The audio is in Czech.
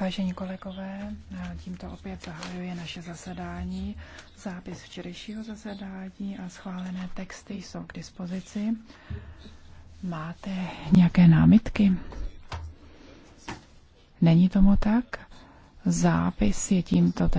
Vážení kolegové, eh, tímto opět zahajuje naše zasedání. Zápis včerejšího zasedání a schválené texty jsou k dispozici. Máte nějaké námitky? Není tomu tak? Zápis je tímto tedy.